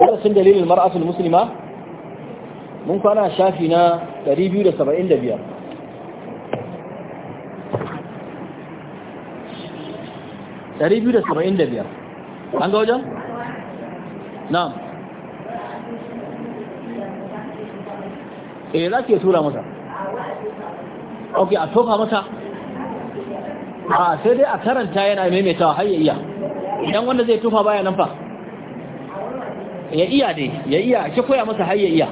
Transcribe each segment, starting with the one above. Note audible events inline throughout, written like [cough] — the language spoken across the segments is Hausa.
darasin dalilin mar'atul muslima mun kwana shafi na 275 275 an ga wajen? na'am eh za ke tura mata ok a tofa mata a ah, sai dai a karanta yana maimaitawa hayyayya. idan wanda zai tufa baya nan fa ya iya dai ya iya ki koya masa har ya iya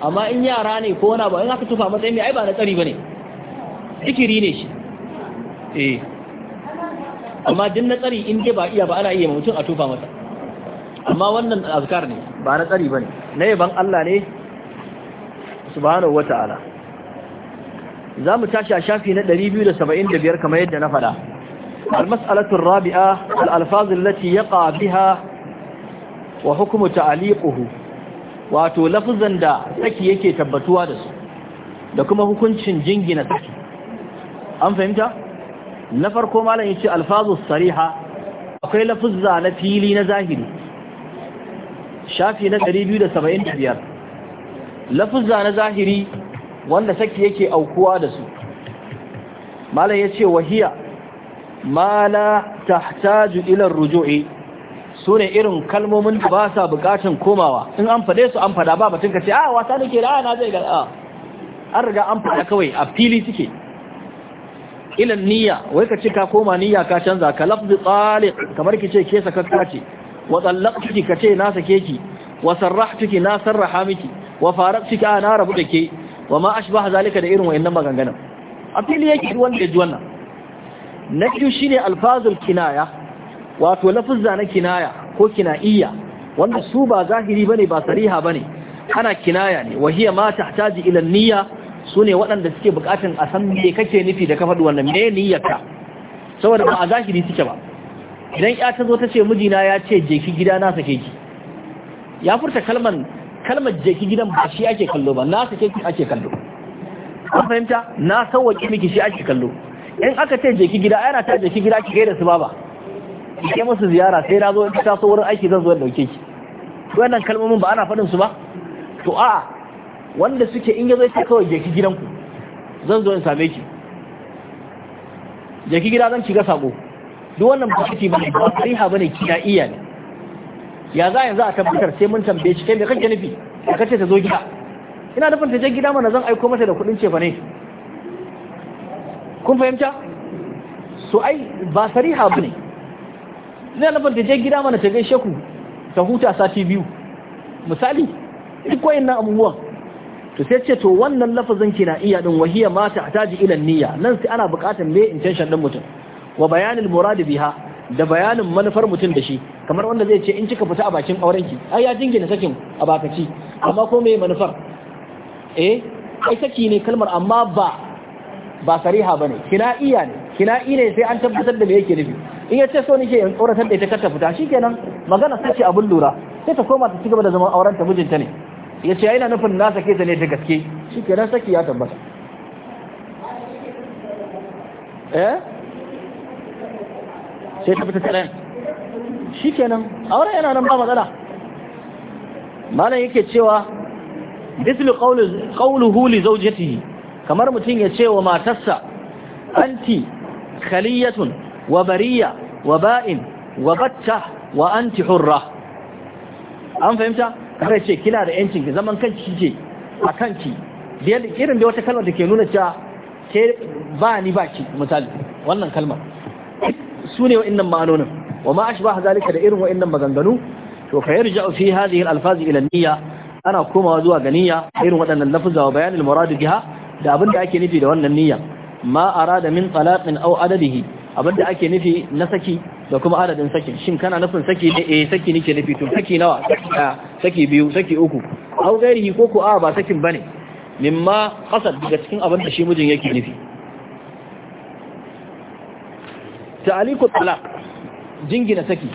amma in yara ne ko wani ba in aka tufa matsayin mai ai ba na tsari bane zikiri ne shi eh amma din na tsari in dai ba iya ba ana iya mutum a tufa masa amma wannan azkar ne ba na tsari bane na yaban Allah ne subhanahu wataala za mu tashi a shafi na 275 kamar yadda na faɗa المسألة الرابعة الألفاظ التي يقع بها wa hukumu ta'aliquhu wato lafuzan da saki yake tabbatuwa da su da kuma hukuncin jingina saki an fahimta na farko malam yace alfazu sariha akwai lafuzza na fili na zahiri shafi na 275 lafuzza na zahiri wanda saki yake aukuwa da su malam yace wahiya ma la tahtaju ila rujui su ne irin kalmomin da ba sa bukatun komawa in an fade su an fada ba batun ka ce a ah, wasa nake da ah, na zai ga a ah. an riga an fada kawai a fili suke ilan niyya wai ka ce ka koma niyya ka canza ka lafzi tsalik kamar ki ce ke sakakka ce wa ciki ka ce na sake ki wa ciki na sarraha miki wa faraqtuki a na rabu da ke wa ma ashbah zalika da irin wayannan maganganun a fili yake wanda ya ji wannan na biyu shine alfazul kinaya wato lafuzza na kinaya ko kinaiya wanda su ba zahiri bane ba sariha bane ana kinaya ne wa hiya ma tahtaji ila niyya sune waɗanda suke bukatun a san me kake nufi da ka faɗi wannan me niyyarka saboda ba a zahiri suke ba idan ya ta zo ta ce mijina ya ce ki gida na sake ki ya furta kalman kalmar ki gidan ba shi ake kallo ba na sake ki ake kallo an fahimta na sauwaƙe miki shi ake kallo in aka ce ki gida yana ta ki gida ki gaida su ba ba ke musu ziyara sai na zo in so wurin aiki zan zo in dauke ki wannan kalmomin ba ana fadin su ba to a wanda suke in yazo sai kawai je ki gidanku zan zo in same ki je ki gida zan ki ga sako duk wannan ba kike bane ba ha bane kina iya ne ya za yanzu a tabbatar sai mun tambaye shi kai me kake nufi kace ta zo gida ina da ta je gida mana zan aiko mata da kuɗin fa ne kun fahimta so ai ba sariha bane ina nufin ta je gida mana ta gaishe ku ta huta sati biyu misali duk wayannan abubuwan to sai ce to wannan lafazin kina iya din wahiya ma ta taji ila niyya nan sai ana buƙatar me intention din mutum wa bayanil murad biha da bayanin manufar mutum da shi kamar wanda zai ce in kika fita a bakin aurenki ai ya jingina sakin a bakaci amma ko me manufar eh ai saki ne kalmar amma ba ba sariha bane kina iya ne kina iya ne sai an tabbatar da me yake nufi in ya ce so nike in tsoratar da ita kar ta fita shikenan magana sai ce abin lura sai ta koma ta cigaba da zaman auren ta mijinta ne ya ce yana nufin na sake ta ne da gaske shikenan saki ya tabbata eh sai ta fita tsaron shikenan auren yana nan ba matsala malam yake cewa mislu qawluhu li zawjatihi kamar mutum ya ce wa matarsa anti khaliyatun Wabariya bariya wa ba'in wa batta wa anti hurra an fahimta kare ce kina da yancin ki zaman kanki kike a kanki irin da wata kalmar da ke nuna cewa ke ba ni ba ki misali wannan kalmar su ne wa'annan ma'anonin wa ma ashbaha zalika da irin wa'annan maganganu to fa yarja'u fi hadhihi al-alfaz ila niyya ana komawa zuwa ga niyya irin waɗannan lafuzza wa bayanin murad biha da abin da ake nufi da wannan niyya ma arada min talaqin aw adadihi abinda ake nufi na saki da kuma adadin sakin shin kana nufin saki ne eh saki nake nufi to saki nawa saki biyu saki uku au gairihi ko ko a ba sakin bane mimma qasad daga cikin abinda shi mijin yake nufi ta'aliku talaq jingina saki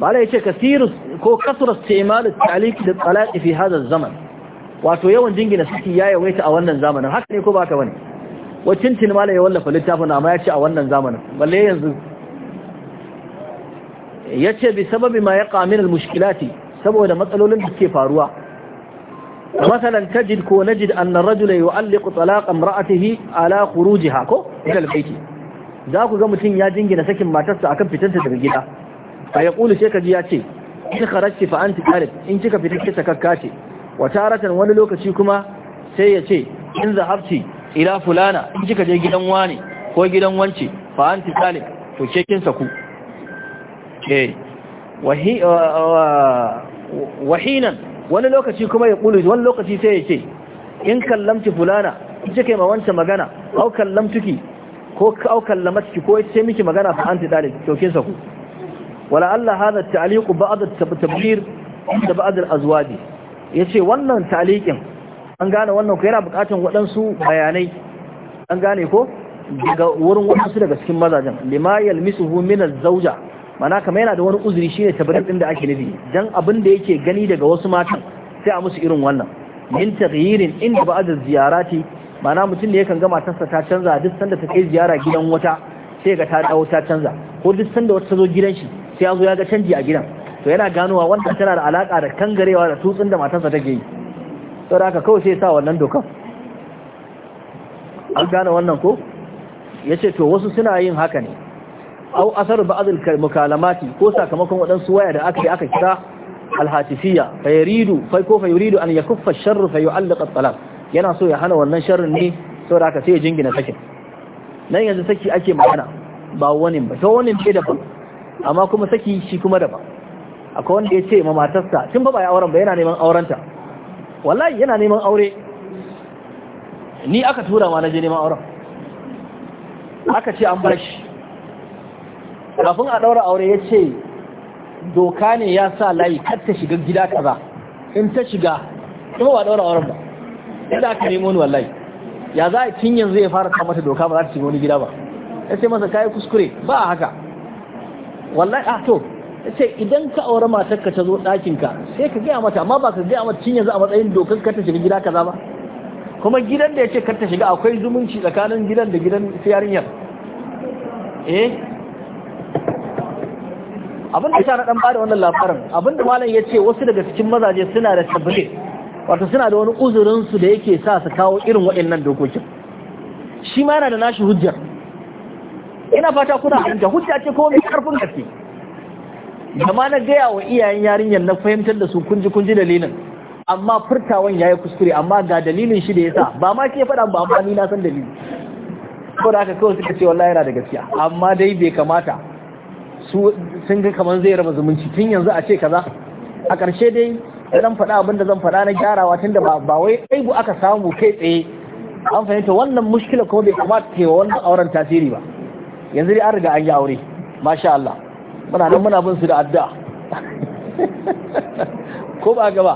bala yace kasirus ko kasra istimal at-ta'liq da talaq fi hadha zaman wato yawan jingina saki ya yawaita a wannan zamanin haka ne ko ba ka bane wacin tilmala ya wallafa littafin amma ya ce a wannan zamanin balle yanzu ya ce bi sababi ma ya ƙamin al-mushkilati saboda matsalolin da ke faruwa masalan tajid ko najid annar rajula yu'alliqu talaqa imra'atihi ala khurujiha ko dal baiti za ku ga mutum ya jingina sakin matarsa akan fitanta daga gida fa yaqulu sai kaji ya ce in kharajti fa anti qarib in kika fita kika kakkace wa taratan wani lokaci kuma sai ya ce in zahabti ila fulana in kika je gidan wani ko gidan wanci fa anti salim to ke kin saku eh wahi uh, uh, wahinan wani lokaci kuma ya kulu wani lokaci sai ya ce in kallamti fulana in kike ma wancan magana au kallamtuki ko au kallamatki ko sai miki magana fa anti salim to kin saku wala Allah hada ta'liqu ba'd at-tabdir inda ba'd al-azwaji yace wannan ta'liqin an gane wannan ku yana bukatun waɗansu bayanai an gane ko daga wurin waɗansu daga cikin mazajen lima yalmisuhu min Zauja. mana kamar yana da wani uzuri shine tabarin din da ake nufi dan abin da yake gani daga wasu matan sai a musu irin wannan min taghyirin inda bada ziyara ziyarati mana mutum ne yakan ga matarsa ta canza duk sanda ta kai ziyara gidan wata sai ga ta dawo ta canza ko duk sanda wata ta zo gidan shi sai ya zo ya ga canji a gidan to yana ganowa wannan tana da alaka da kangarewa da tutsin da matarsa take yi sau da aka kawai sai sa wannan dokan an gane wannan ko ya ce to wasu suna yin haka ne au asar ba'adul mukalamati ko sakamakon waɗansu waya da aka yi aka kira alhatifiyya fa yuridu fa ko fa yuridu an yakuffa ash-sharr fa yu'alliqa at-talaq yana so ya hana wannan sharrin ne saboda haka sai ya jingina sakin nan yanzu saki ake magana ba wani ba to wani ne daban amma kuma saki shi kuma daban akwai wanda ya ce ma matarsa tun ba ba ya auren ba yana neman aurenta wallahi yana neman aure ni aka tura ma na je neman auren aka ce an bar shi kafin a daura aure ya ce doka ne ya sa layi kar ta shiga gida kaza in ta shiga kuma ba daura auren ba yadda aka nemo ni wallahi ya za a cin yanzu ya fara kamata doka ba za ta shiga wani gida ba ya ce masa kayi kuskure ba haka wallahi a ah, to sai idan ka aure matarka ta zo ɗakinka sai ka gaya mata amma ba ka gaya mata cinye yanzu a matsayin dokar kar ta shiga gida kaza ba kuma gidan da ya ce kar ta shiga akwai zumunci tsakanin gidan da gidan yarinyar eh abin da ya na dan bada wannan labarin abin da malam ya ce wasu daga cikin mazaje suna da tabbace wato suna da wani uzurin su da yake sa su kawo irin waɗannan dokokin shi ma yana da nashi hujjar ina fata kuna hujja hujja ce ko mai karfin gaske da na gaya wa iyayen yarinyar na fahimtar da su kunji kunji dalilin amma furtawan ya yi kuskure amma ga dalilin shi da ya sa ba ma ke faɗa ba amma ni na san dalili ko da aka kawai suka ce wallahi yana da gaskiya amma dai bai kamata su sun ga kamar zai raba zumunci tun yanzu a ce kaza a ƙarshe dai zan faɗa abin da zan faɗa na gyarawa tun da ba wai aibu aka samu kai tsaye an fahimta wannan mushkila kuma bai kamata ta yi wa wannan auren tasiri ba yanzu dai an riga an yi aure masha Allah muna nan muna bin su da addu'a ko ba gaba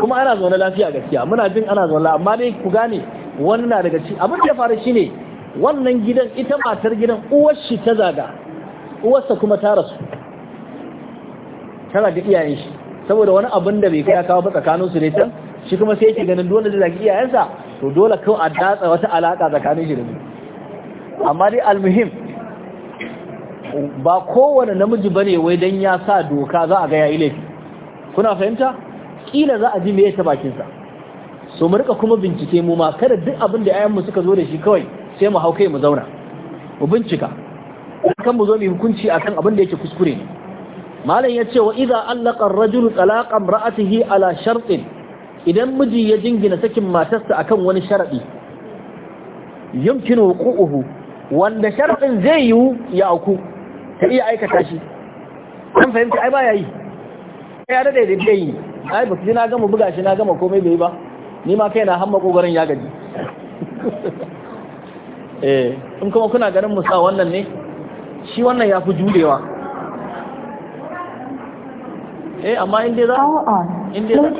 kuma ana zaune lafiya gaskiya muna jin ana zaune amma dai ku gane wani na daga ci abin da ya faru shine wannan gidan ita matar gidan uwar shi ta zaga uwarsa kuma ta rasu tana da iyayen shi saboda wani abin da bai kai kawo ba tsakanin su ne can shi kuma sai yake ganin dole da zaki iyayensa to dole kawai a datsa wata alaka tsakanin shi da amma dai almuhim ba kowane namiji bane wai dan ya sa doka za a ga yayi laifi kuna fahimta kila za a ji me ta bakin sa so mu rika kuma bincike mu ma kada duk abin da mu suka zo da shi kawai sai mu hau kai mu zauna mu bincika kan mu zo mu hukunci akan abin da yake kuskure ne malam yace wa idza allaqa ar-rajulu talaqa imra'atihi ala shartin idan miji ya jingina sakin matarsa akan wani sharadi yumkinu wuqu'uhu wanda sharadin zai yiwu ya auku ka iya aikata shi an fahimci ai baya yi ya da daidai da yi ai ba ji na gama buga shi na gama komai bai ba ni ma kai na hamma kogarin ya gaji [laughs] eh in kuma kuna ganin musa wannan ne shi wannan ya fi jurewa eh amma in dai za in dai za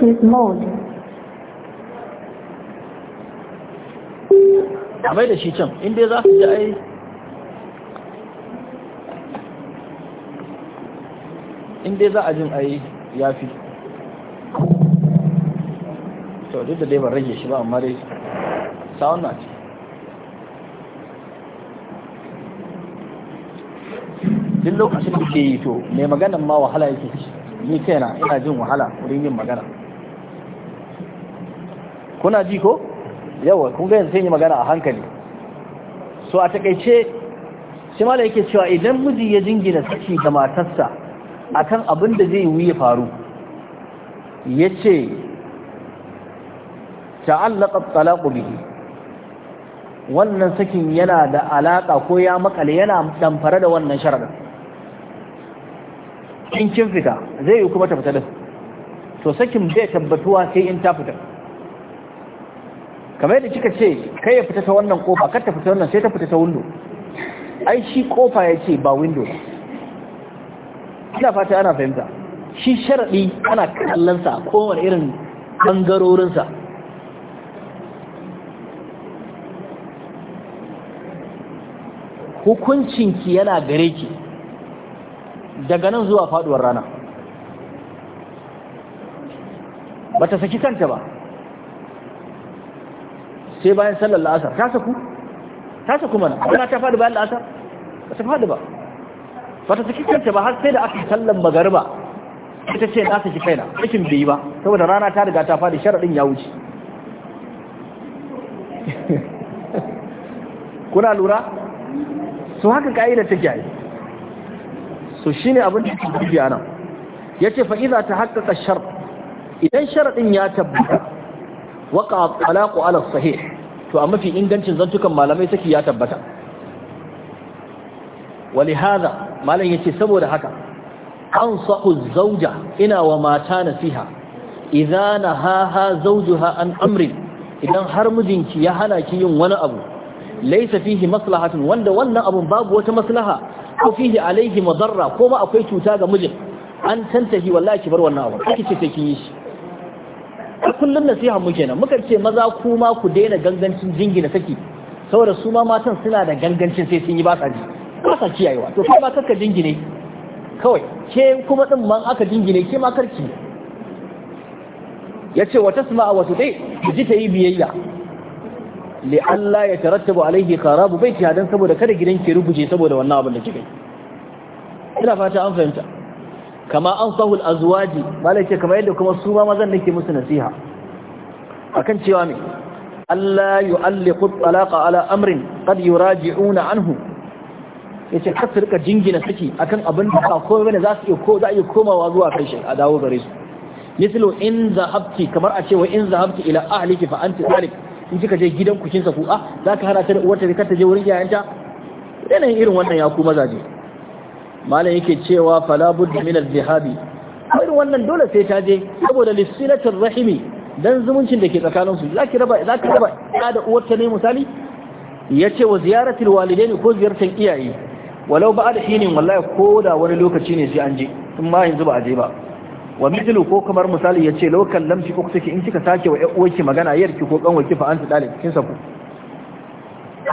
a mai da shi can in dai za su ji ai in dai za a jin ai ya fi to duk da dai ban rage shi ba amma dai sawon na ce duk lokacin da ke yi to mai maganan ma wahala yake ci ni kaina ina jin wahala wurin yin magana kuna ji ko yawa kun ga yanzu sai yi magana a hankali so a takaice shi mala yake cewa idan miji ya jingina saki ga matarsa akan abin da zai wuya faru yace ta'allaqa talaqu bihi wannan sakin yana da alaka ko ya makale yana damfara da wannan sharadin in kin fita zai yi kuma ta fita din to sakin bai tabbatuwa sai in ta fita kamar yadda kika ce kai ya fita ta wannan kofa kar ta fita wannan sai ta fita ta window ai shi kofa yace ba window ba ina fata ana fahimta shi sharaɗi ana kallonsa kowane irin ɓangarorinsa hukuncinki yana gare ki daga nan zuwa faduwar rana ba ta saki kanta ba sai bayan sallar la'asar ta saku ta saku mana ana ta faɗi bayan la'asar ba ta faɗi ba ba ta saki kanta ba har sai da aka sallan magariba ita ce na saki kaina rashin bai ba saboda rana ta riga ta fadi sharadin ya wuce [laughs] kuna lura su haka ka'ida take Su shi ne abin da ke dubi Ya ce fa'iza ta tahaqqaqa shar idan sharadin ya tabbata waqa talaqu ala sahih to a mafi ingancin zantukan malamai saki ya tabbata hada? malam yace saboda haka ansahu zauja ina wa mata nasiha idza haha zaujuha an amrin idan har mijinki ya hana ki yin wani abu laysa fihi maslahatun wanda wannan abun babu wata maslaha ko fihi Alayhi madarra ko ba akwai cuta ga mijin an tantahi wallahi ki bar wannan abu kike ce kin yi shi kullun nasiha muke nan, muka ce maza kuma ku daina gangancin jingina saki saboda su ma matan suna da gangancin sai sun yi ba ji ba sa kiyayewa to kai ma kaka jingine kawai ke kuma din man aka jingine ke ma karki yace wa tasma'a wa tudai ji ta yi biyayya li Allah ya tarattabu alaihi kharabu baiti hadan saboda kada gidan ki rubuje saboda wannan abin da kike ina fata an fahimta kama an sahul azwaji malai ce kamar yadda kuma su ma mazan nake musu nasiha akan cewa me Allah yu'alliqu talaqa ala amrin qad yuraji'una anhu yace kar su rika jingina saki akan abin da ba komai bane za su iya ko za iya komawa zuwa kai shi a dawo gare su mislu in zahabti kamar a ce wa in zahabti ila ahliki fa anti zalik in kika je gidan ku kinsa ku ah zaka hana ta da uwarta da ta je wurin yayanta dana irin wannan ya ku mazaje malam yake cewa fala budda min az-zihabi irin wannan dole sai ta je saboda lisilatul rahimi dan zumuncin da ke tsakanin su zaki raba zaki raba da uwarta ne misali ce wa ziyaratul walidaini ko ziyartar iyaye walau ba da hinin wallahi ko da wani lokaci ne sai an je in ma yanzu ba a je ba wa mithlu ko kamar misali yace law ko uktaki in kika sake wa uwarki magana yarki ko kanwa ki fa anta dalil kinsa saku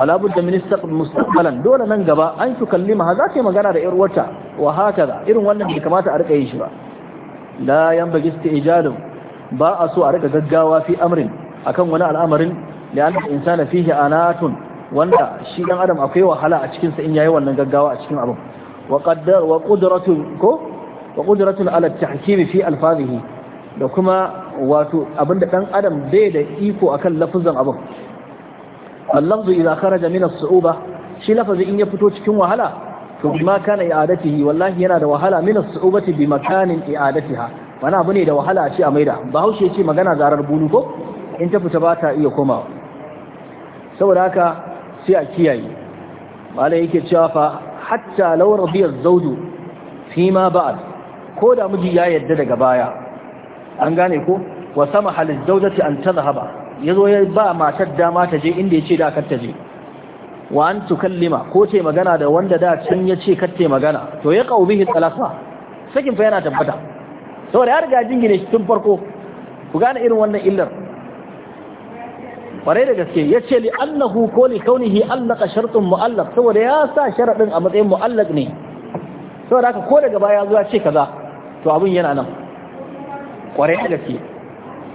da budda min mustaqbalan dole nan gaba an kalli ma za ta magana da yar uwarta wa irin wannan bai kamata a rika yin shi ba la yanbaghi isti'jalu ba a so a rika gaggawa fi amrin akan wani al'amarin li'anna insana fihi anatun wanda shi dan adam akwai wahala a cikin sa in yayi wannan gaggawa a cikin abin wa qaddar wa qudratun ko wa ala tahkim fi alfazihi da kuma wato abinda dan adam bai da iko akan lafazan abin al idza kharaja min as-su'uba shi lafazi in ya fito cikin wahala to ma kana i'adatihi wallahi yana da wahala min as-su'ubati bi makanin i'adatiha wani abu ne da wahala a ce a maida bahaushe ya ce magana zarar bulu ko in ta fita ba ta iya komawa saboda haka sai a kiyaye mala yake cewa fa hatta law radiya zawju fi ba'd ko da miji ya yadda daga baya an gane ko wa samaha liz-zawjati an tadhhaba yazo ya ba matar dama ta je inda yace da kar ta je wa an tukallima ko ce magana da wanda da can yace kar ta magana to ya qawbihi talafa sakin fa yana tabbata saboda ya riga jingine tun farko ku gane irin wannan illar Kware da gaske ya ce li annahu ko li kaunihi allaka shartun mu'allaq saboda ya sa sharadin a matsayin mu'allaq ne saboda haka ko daga baya zuwa ce kaza to abin yana nan kware da gaske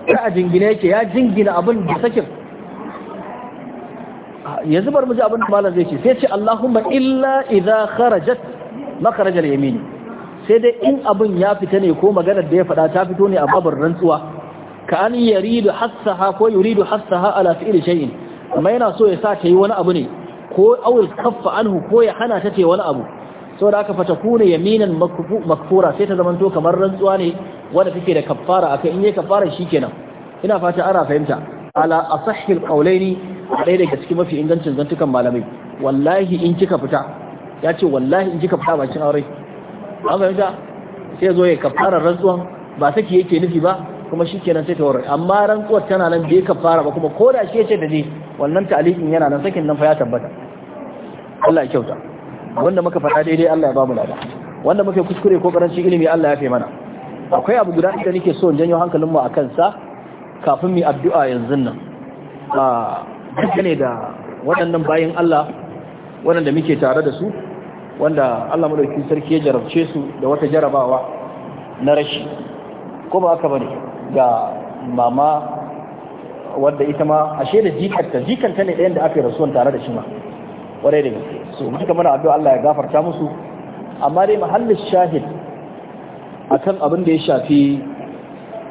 ya a jingine yake ya jingina abin da sakin ya zubar mu ji abin da malam zai ce sai ce Allahumma illa idza kharajat makarajal yamin sai dai in abin ya fita ne ko maganar da ya faɗa ta fito ne a babin rantsuwa kan yaridu hassaha ko yuridu hassaha ala fi'li shay'in amma yana so ya sa ta yi wani abu ne ko awil kaffa anhu ko ya hana ta ce wani abu saboda aka fata kuna yaminan makfura sai ta zamanto kamar rantsuwa ne wanda take da kaffara akai in yi kaffara shikenan ina fata ana fahimta ala asahhil qawlaini dai daga cikin mafi ingancin zantukan malamai wallahi in kika fita ya ce wallahi in kika fita bakin aure an fahimta sai zo ya kaffara rantsuwan ba saki yake nufi ba kuma shikenan sai ta warware amma rantsuwar tana nan yake fara ba kuma ko da shi yace da ne wannan ta'alikin yana nan sakin nan fa ya tabbata Allah ya kyauta wanda muka faɗa daidai Allah ya ba mu lada wanda muka kuskure ko karanci ilimi Allah ya fi mana akwai abu guda da nake so in janyo hankalin mu akan sa kafin mu addu'a yanzu nan a ne da waɗannan bayin Allah waɗanda muke tare da su wanda Allah madauki sarki ya jarabce su da wata jarabawa na rashi ko ba haka bane ga mama wadda ita ma ashe da jikanta jikanta ne ɗayan da aka yi rasuwan tare da shi ma ƙwarai da gaske so duka mana addu'a Allah ya gafarta musu amma dai mahallin shahid akan abin da ya shafi